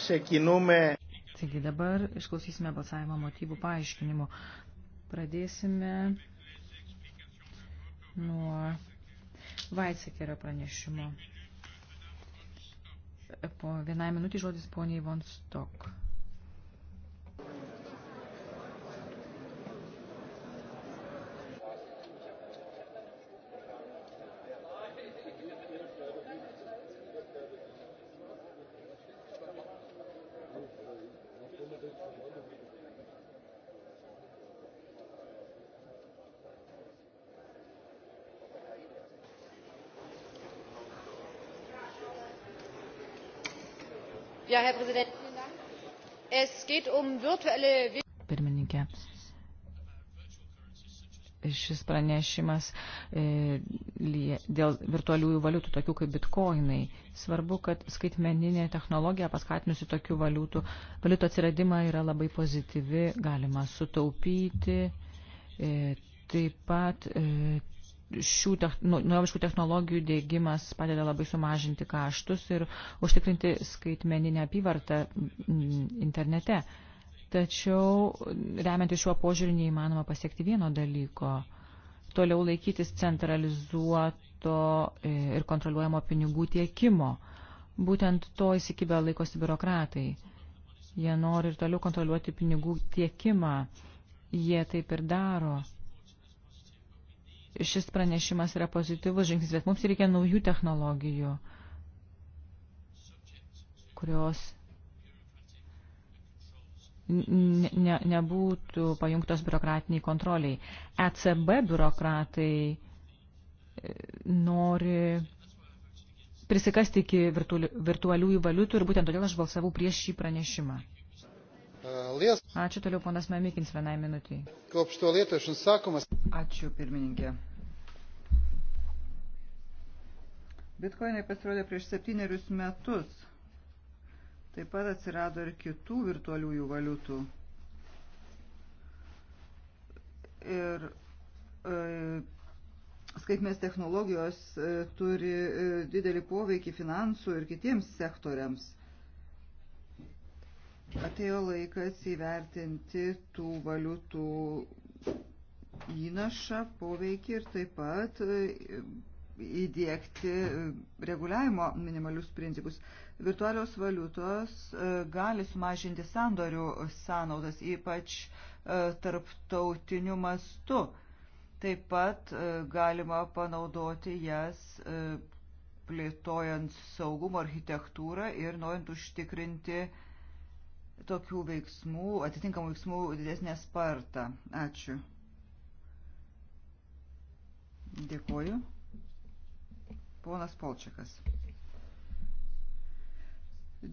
ξεκινούμε. Taigi dabar išklausysime balsavimo motyvų paaiškinimų. Pradėsime nuo Vaisekerio pranešimo. Po vienai minutį žodis poniai Von Stok. Um Pirmininkė. Šis pranešimas e, dėl virtualiųjų valiutų, tokių kaip bitkoinai. Svarbu, kad skaitmeninė technologija paskatinusi tokių valiutų, valiutų atsiradimą yra labai pozityvi, galima sutaupyti, e, taip pat e, šių nu, naujoviškų technologijų dėgymas padeda labai sumažinti kaštus ir užtikrinti skaitmeninę apyvartą internete. Tačiau remiantis šiuo požiūrį neįmanoma pasiekti vieno dalyko - toliau laikytis centralizuoto e, ir kontroliuojamo pinigų tiekimo. Būtent to įsikibę laikosi biurokratai. Jie nori ir toliau kontroliuoti pinigų tiekimą. Jie taip ir daro šis pranešimas yra pozityvus žingsnis, bet mums reikia naujų technologijų, kurios ne, ne, nebūtų pajungtos biurokratiniai kontroliai. ECB biurokratai e, nori prisikasti iki virtualiųjų valiutų ir būtent todėl aš balsavau prieš šį pranešimą. Ačiū toliau, ponas Mamikins, vienai minutiai. Ačiū, pirmininkė. Bitcoinai pasirodė prieš septynerius metus. Taip pat atsirado ir kitų virtualiųjų valiutų. Ir e, skaitmės technologijos e, turi e, didelį poveikį finansų ir kitiems sektoriams. Atėjo laikas įvertinti tų valiutų įnašą, poveikį ir taip pat e, įdėkti reguliavimo minimalius principus. Virtualios valiutos e, gali sumažinti sandorių sąnaudas, ypač e, tarptautiniu mastu. Taip pat e, galima panaudoti jas plėtojant saugumo architektūrą ir norint užtikrinti tokių veiksmų, atitinkamų veiksmų didesnę spartą. Ačiū. Dėkuoju. Ponas Polčiakas.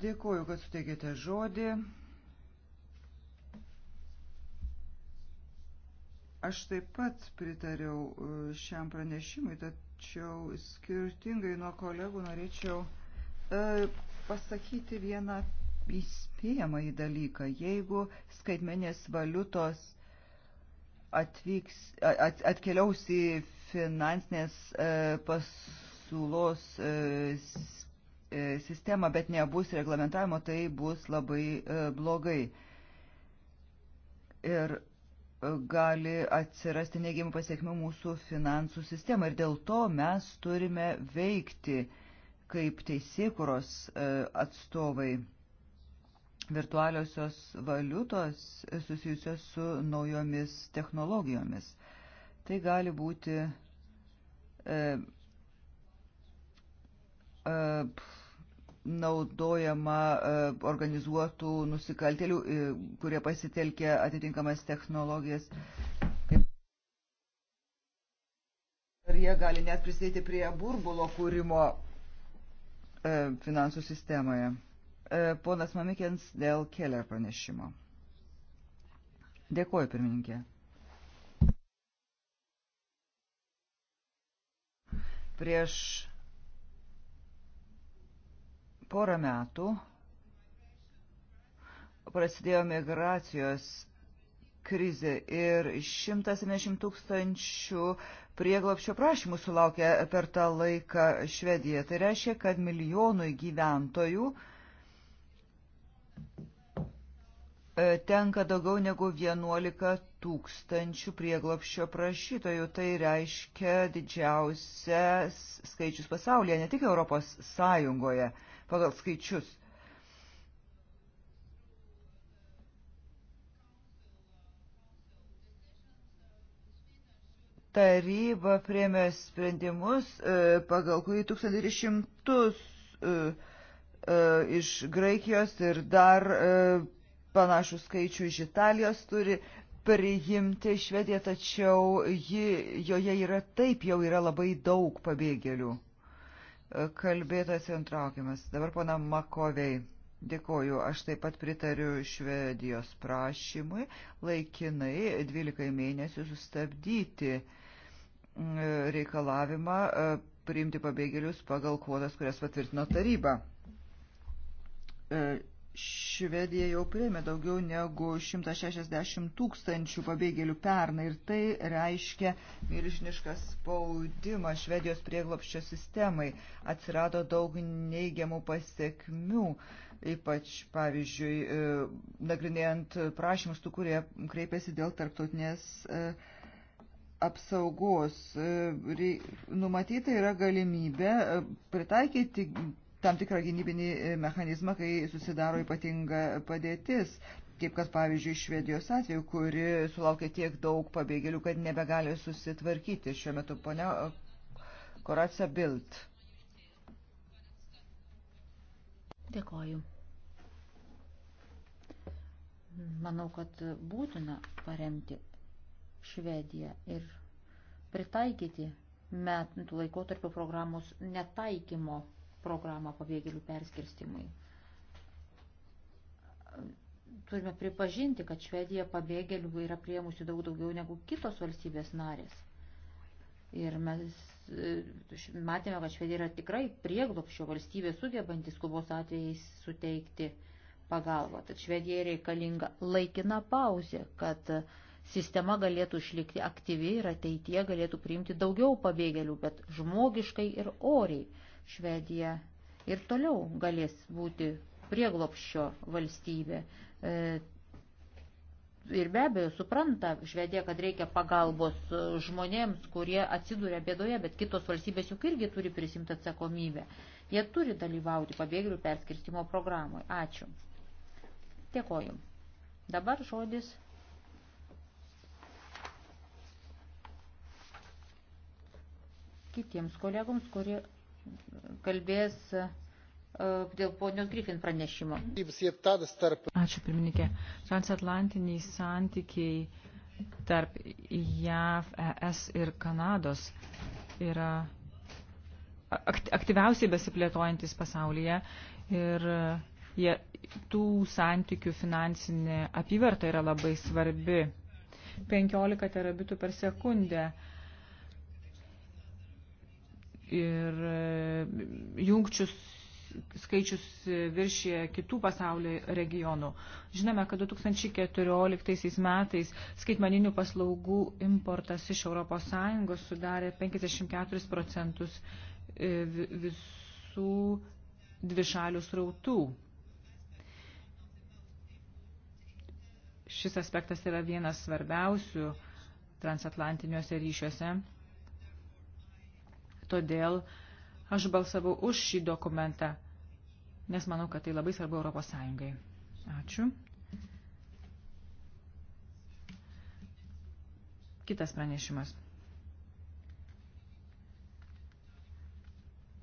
Dėkuoju, kad suteikėte žodį. Aš taip pat pritariau e, šiam pranešimui, tačiau skirtingai nuo kolegų norėčiau e, pasakyti vieną įspėjamą į dalyką. Jeigu skaitmenės valiutos atvyks, at, atkeliaus į finansinės e, pas pasiūlos e, e, sistemą, bet nebus reglamentavimo, tai bus labai e, blogai. Ir gali atsirasti neigiamų pasiekmių mūsų finansų sistemą. Ir dėl to mes turime veikti kaip teisėkuros atstovai virtualiosios valiutos susijusios su naujomis technologijomis. Tai gali būti e, E, naudojama e, organizuotų nusikaltelių, e, kurie pasitelkė atitinkamas technologijas. Ir jie gali net prisidėti prie burbulo kūrimo finansų sistemoje. Ponas Mamikens dėl Keller pranešimo. Dėkuoju, pirmininkė. Prieš porą metų prasidėjo migracijos krizė ir 170 tūkstančių prieglopščio prašymų sulaukė per tą laiką Švedija. Tai reiškia, kad milijonui gyventojų e, tenka daugiau negu 11 tūkstančių prieglopščio prašytojų. Tai reiškia didžiausias skaičius pasaulyje, ne tik Europos Sąjungoje pagal skaičius. Taryba priemė sprendimus, e, pagal kurį 1200 e, e, iš Graikijos ir dar panašų skaičių iš Italijos turi priimti Švediją, tačiau ji, joje yra taip jau yra labai daug pabėgėlių. Kalbėtas ir antraukiamas. Dabar pana Makovei. Dėkoju, aš taip pat pritariu Švedijos prašymui laikinai 12 mėnesių sustabdyti mm, reikalavimą e, priimti pabėgėlius pagal kvotas, kurias patvirtino taryba. E, Švedija jau priėmė daugiau negu 160 tūkstančių pabėgėlių pernai ir tai reiškia milžinišką spaudimą Švedijos prieglopščio sistemai. Atsirado daug neigiamų pasiekmių, ypač, pavyzdžiui, e, nagrinėjant prašymus tų, kurie kreipėsi dėl tarptautinės e, apsaugos. E, numatyta yra galimybė pritaikyti tam tikrą gynybinį e, mechanizmą, kai susidaro ypatinga padėtis. Kaip kad pavyzdžiui Švedijos atveju, kuri sulaukia tiek daug pabėgėlių, kad nebegali susitvarkyti šiuo metu ponia Koracija Bild. Dėkoju. Manau, kad būtina paremti Švediją ir pritaikyti metų laikotarpio programos netaikymo programą pabėgėlių perskirstimui. Turime pripažinti, kad Švedija pabėgėlių yra priemusi daug daugiau negu kitos valstybės narės. Ir mes e, matėme, kad Švedija yra tikrai prieglopščio valstybė sugebantis skubos atvejais suteikti pagalbą. Tad Švedijai reikalinga laikina pauzė, kad sistema galėtų išlikti aktyvi ir ateityje galėtų priimti daugiau pabėgėlių, bet žmogiškai ir oriai. Švedija ir toliau galės būti prieglopščio valstybė. E, ir be abejo supranta Švedija, kad reikia pagalbos žmonėms, kurie atsiduria bėdoje, bet kitos valstybės juk irgi turi prisimti atsakomybę. Jie turi dalyvauti pabėgėlių perskirstimo programoje. Ačiū. Dėkoju. Dabar žodis kitiems kolegoms, kurie kalbės e, dėl ponios Griffin pranešimo. Ačiū, pirmininkė. Transatlantiniai santykiai tarp JAV, ES ir Kanados yra aktyviausiai besiplėtojantis pasaulyje ir e, jie, tų santykių finansinė apyvarta yra labai svarbi. 15 terabitų per sekundę ir e, jungčius skaičius viršė kitų pasaulio regionų. Žinome, kad 2014 metais skaitmaninių paslaugų importas iš ES sudarė 54 procentus e, visų dvišalių srautų. Šis aspektas yra vienas svarbiausių transatlantiniuose ryšiuose Todėl aš balsavau už šį dokumentą, nes manau, kad tai labai svarbu Europos Sąjungai. Ačiū. Kitas pranešimas.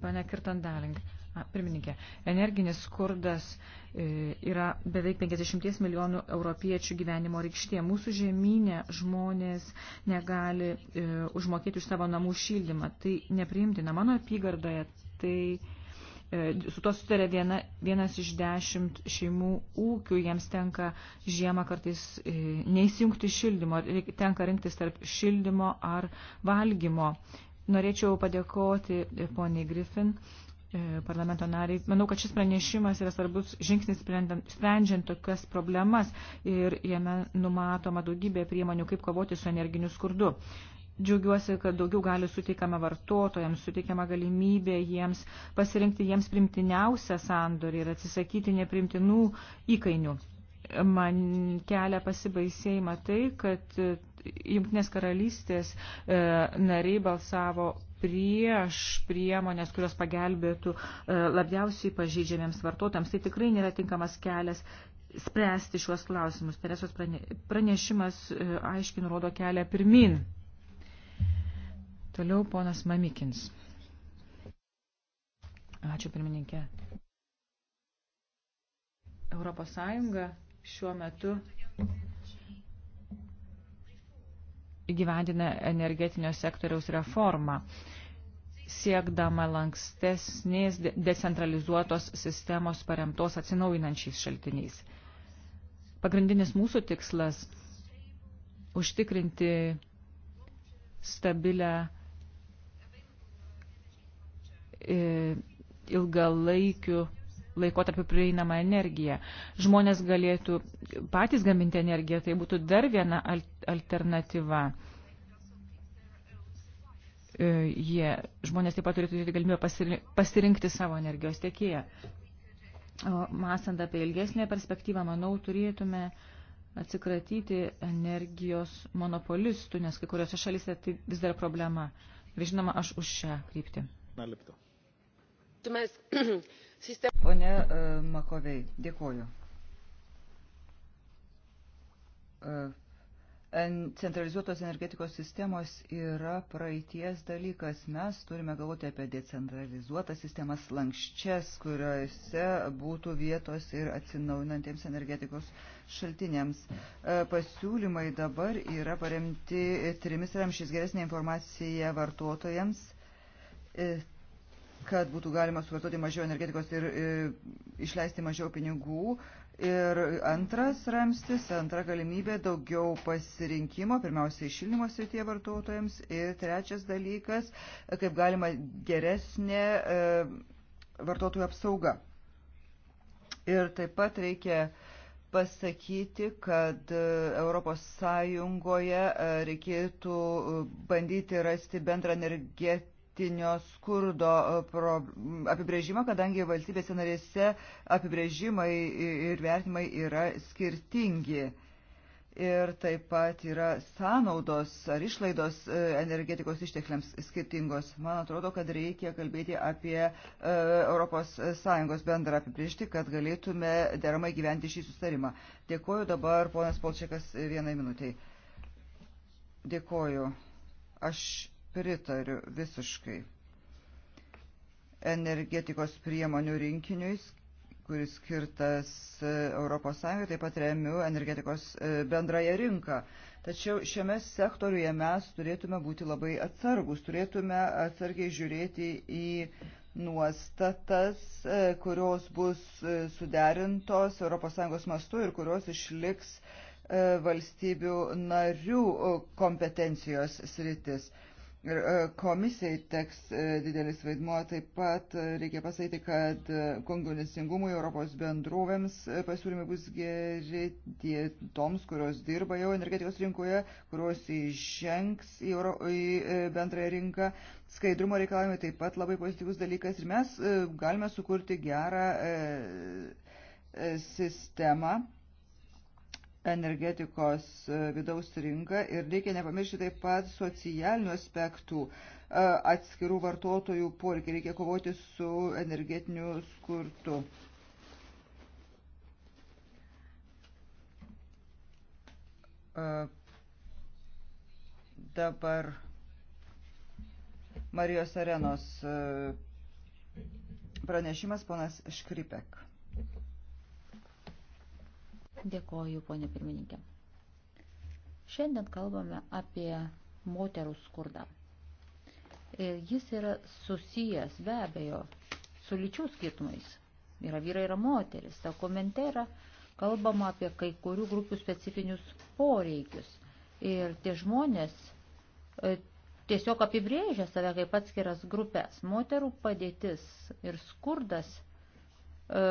Pane Kirtandalink. Pirmininkė, energinis skurdas e, yra beveik 50 milijonų europiečių gyvenimo rykštė. Mūsų žemynė žmonės negali e, užmokėti už savo namų šildymą. Tai nepriimtina. Mano apygardoje tai e, su to sutarė viena, vienas iš dešimt šeimų ūkių, jiems tenka žiemą kartais neįsijungti šildymo, tenka rinktis tarp šildymo ar valgymo. Norėčiau padėkoti poniai Griffin E, parlamento nariai. Manau, kad šis pranešimas yra svarbus žingsnis sprendžiant tokias problemas ir jame numatoma daugybė priemonių, kaip kovoti su energiniu skurdu. Džiaugiuosi, kad daugiau gali suteikiama vartotojams, suteikiama galimybė jiems pasirinkti jiems primtiniausią sandorį ir atsisakyti neprimtinų įkainių. Man kelia pasibaisėjimą tai, kad Junktinės karalystės e, nariai balsavo prieš priemonės, kurios pagelbėtų e, labiausiai pažydžiamiems vartotams. Tai tikrai nėra tinkamas kelias spręsti šiuos klausimus. Teresos pranešimas e, aiškiai nurodo kelią pirmin. Toliau ponas Mamikins. Ačiū pirmininkė. Europos Sąjunga šiuo metu įgyvendina energetinio sektoriaus reformą, siekdama lankstesnės decentralizuotos sistemos paremtos atsinaujinančiais šaltiniais. Pagrindinis mūsų tikslas – užtikrinti stabilę e, ilgalaikių laikotarpiu prieinamą energiją. Žmonės galėtų patys gaminti energiją, tai būtų dar viena alternatyva. E, jie, žmonės taip pat turėtų turėti galimybę pasirinkti savo energijos tiekėją. O mąstant apie ilgesnę perspektyvą, manau, turėtume atsikratyti energijos monopolistų, nes kai kuriuose šalyse tai vis dar problema. Ir žinoma, aš už šią kryptį. Na, lipto. Pone e, Makovei, dėkoju. E, centralizuotos energetikos sistemos yra praeities dalykas. Mes turime galvoti apie decentralizuotas sistemas, lankščias, kuriuose būtų vietos ir atsinaujinantiems energetikos šaltiniams. E, pasiūlymai dabar yra paremti trimis ramšys geresnė informacija vartotojams kad būtų galima suvartoti mažiau energetikos ir, ir e, išleisti mažiau pinigų. Ir antras ramstis, antra galimybė daugiau pasirinkimo, pirmiausiai šildymo srityje vartotojams. Ir trečias dalykas, kaip galima geresnė e, vartotojų apsauga. Ir taip pat reikia pasakyti, kad ES e, reikėtų e, bandyti rasti bendrą energetiką energetinio skurdo e, apibrėžimą, kadangi valstybėse narėse apibrėžimai ir vertimai yra skirtingi. Ir taip pat yra sąnaudos ar išlaidos e, energetikos ištekliams skirtingos. Man atrodo, kad reikia kalbėti apie ES bendrą apibriežtį, kad galėtume deramai gyventi šį sustarimą. Dėkoju dabar, ponas Polčiakas, vienai minutiai. Dėkoju. Aš pritariu visiškai energetikos priemonių rinkiniui, kuris skirtas ES, taip pat remiu energetikos e, bendrąją rinką. Tačiau šiame sektoriuje mes turėtume būti labai atsargus, turėtume atsargiai žiūrėti į nuostatas, e, kurios bus e, suderintos ES mastu ir kurios išliks valstybių narių kompetencijos sritis. E, komisijai teks e, didelis vaidmuo, taip pat e, reikia pasakyti, kad konkurencingumui Europos bendrovėms pasiūlymai bus geri tie toms, kurios dirba jau energetikos rinkoje, kurios įžengs į, Euro, į bendrąją rinką. Skaidrumo reikalavimai taip pat labai pozityvus dalykas ir mes galime sukurti gerą sistemą energetikos e, vidaus rinką ir reikia nepamiršti taip pat socialinių aspektų e, atskirų vartotojų poreikį, reikia kovoti su energetiniu skurtu. E, dabar Marijos Arenos pranešimas ponas Škripek. Dėkoju, ponė pirmininkė. Šiandien kalbame apie moterų skurdą. Ir e, jis yra susijęs be abejo su lyčių skirtumais. Yra vyrai, yra moteris. Ta komente yra kalbama apie kai kurių grupių specifinius poreikius. Ir tie žmonės e, tiesiog apibrėžia save kaip atskiras grupės. Moterų padėtis ir skurdas – E,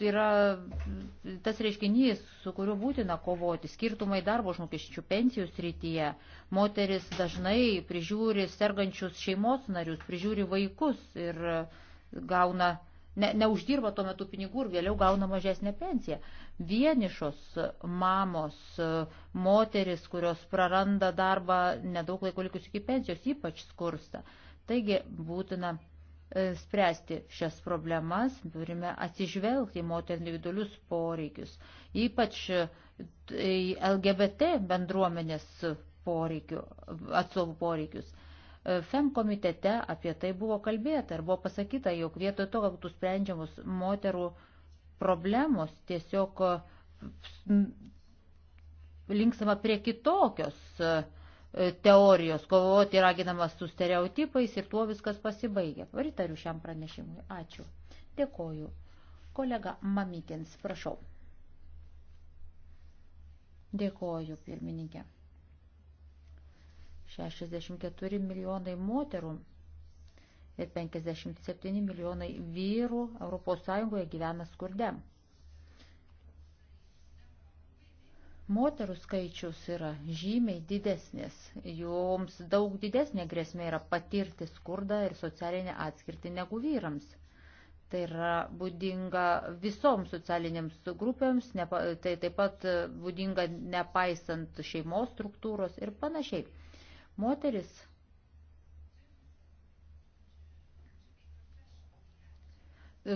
yra tas reiškinys, su kuriuo būtina kovoti. Skirtumai darbo žmokesčių pensijų srityje. Moteris dažnai prižiūri sergančius šeimos narius, prižiūri vaikus ir gauna, ne, neuždirba tuo metu pinigų ir vėliau gauna mažesnę pensiją. Vienišos mamos, moteris, kurios praranda darbą nedaug laiko likus iki pensijos, ypač skursta. Taigi būtina E, spręsti šias problemas, turime atsižvelgti į moterų individualius poreikius, ypač e, į LGBT bendruomenės poreikių, atstovų poreikius. E, FEM komitete apie tai buvo kalbėta ir buvo pasakyta, jog vietoj to, kad būtų sprendžiamus moterų problemos, tiesiog linksama prie kitokios uh, E, teorijos, kovoti raginamas su stereotipais ir tuo viskas pasibaigia. Pritariu šiam pranešimui. Ačiū. Dėkoju. Kolega Mamikins, prašau. Dėkoju, pirmininkė. 64 milijonai moterų ir 57 milijonai vyrų ES gyvena skurde. Moterų skaičius yra žymiai didesnis, joms daug didesnė grėsmė yra patirti skurdą ir socialinę atskirtį negu vyrams. Tai yra būdinga visoms socialinėms grupėms, nepa, tai taip pat būdinga nepaisant šeimos struktūros ir panašiai. Moteris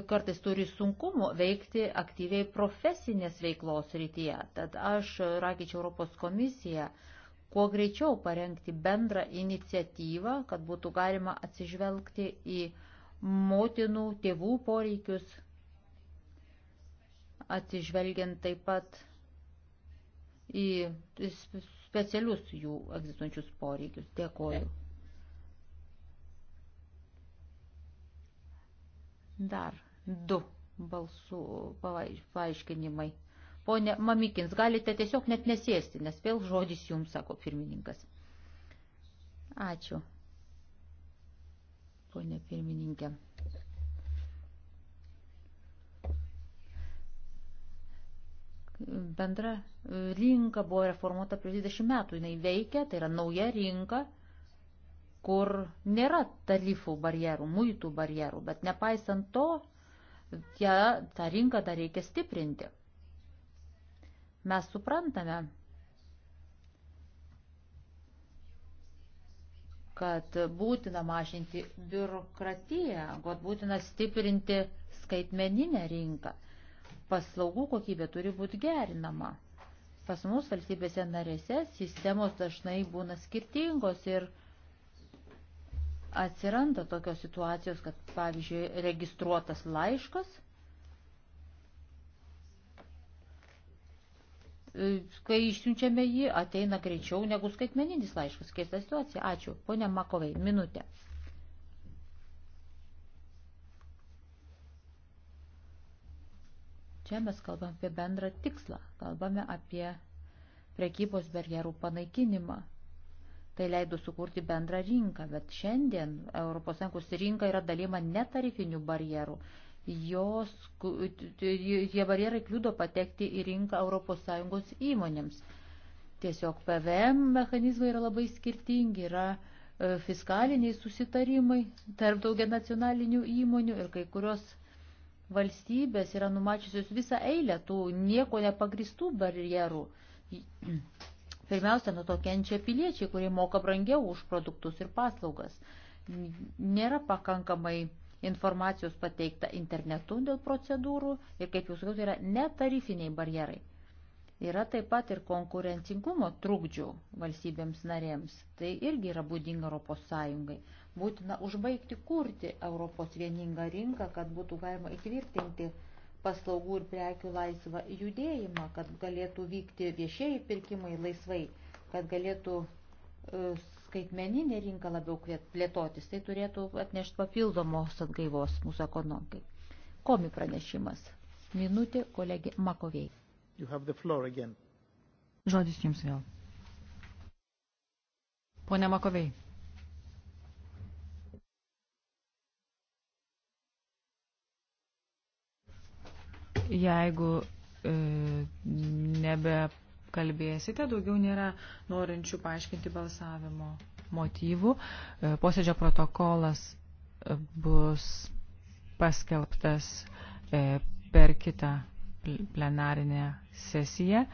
kartais turi sunkumų veikti aktyviai profesinės veiklos rytyje. Tad aš ragičiau Europos komisiją kuo greičiau parengti bendrą iniciatyvą, kad būtų galima atsižvelgti į motinų, tėvų poreikius, atsižvelgiant taip pat į specialius jų egzistuojančius poreikius. Dėkoju. Dar du balsų paaiškinimai. Pone Mamikins, galite tiesiog net nesėsti, nes vėl žodis jums, sako pirmininkas. Ačiū, ponė pirmininkė. Bendra rinka buvo reformuota prieš 20 metų, jinai veikia, tai yra nauja rinka, kur nėra tarifų barjerų, muitų barjerų, bet nepaisant to, ja, tą rinką dar reikia stiprinti. Mes suprantame, kad būtina mažinti biurokratiją, kad būtina stiprinti skaitmeninę rinką. Paslaugų kokybė turi būti gerinama. Pas mus valstybėse narėse sistemos dažnai būna skirtingos ir skirtingos atsiranda tokios situacijos, kad, pavyzdžiui, registruotas laiškas, e, kai išsiunčiame jį, ateina greičiau negu skaitmeninis laiškas. Keista situacija. Ačiū. Pone Makovai, minutė. Čia mes kalbame apie bendrą tikslą, kalbame apie prekybos barjerų panaikinimą. Tai leido sukurti bendrą rinką, bet šiandien ES rinka yra dalyma netarifinių barjerų. Jos, tie barjerai kliudo patekti į rinką ES įmonėms. Tiesiog PVM mechanizmai yra labai skirtingi, yra e, fiskaliniai susitarimai tarp daugia nacionalinių įmonių ir kai kurios valstybės yra numačiusios visą eilę tų nieko nepagristų barjerų Pirmiausia, nuo to kenčia piliečiai, kurie moka brangiau už produktus ir paslaugas. Nėra pakankamai informacijos pateikta internetu dėl procedūrų ir, kaip jūs sakote, tai yra netarifiniai barjerai. Yra taip pat ir konkurencingumo trukdžių valstybėms narėms. Tai irgi yra būdinga Europos Sąjungai. Būtina užbaigti kurti Europos vieningą rinką, kad būtų galima įtvirtinti paslaugų ir prekių laisvą judėjimą, kad galėtų vykti viešieji pirkimai laisvai, kad galėtų e, skaitmeninė rinka labiau plėtotis. Tai turėtų atnešti papildomos atgaivos mūsų ekonomikai. Komi pranešimas. Minutė kolegė Makovei. Žodis jums vėl. Pone Makovei. Jeigu e, nebekalbėsite, daugiau nėra norinčių paaiškinti balsavimo motyvų. E, posėdžio protokolas e, bus paskelbtas e, per kitą plenarinę sesiją,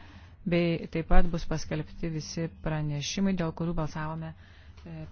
bei taip pat bus paskelbti visi pranešimai, dėl kurių balsavome. E,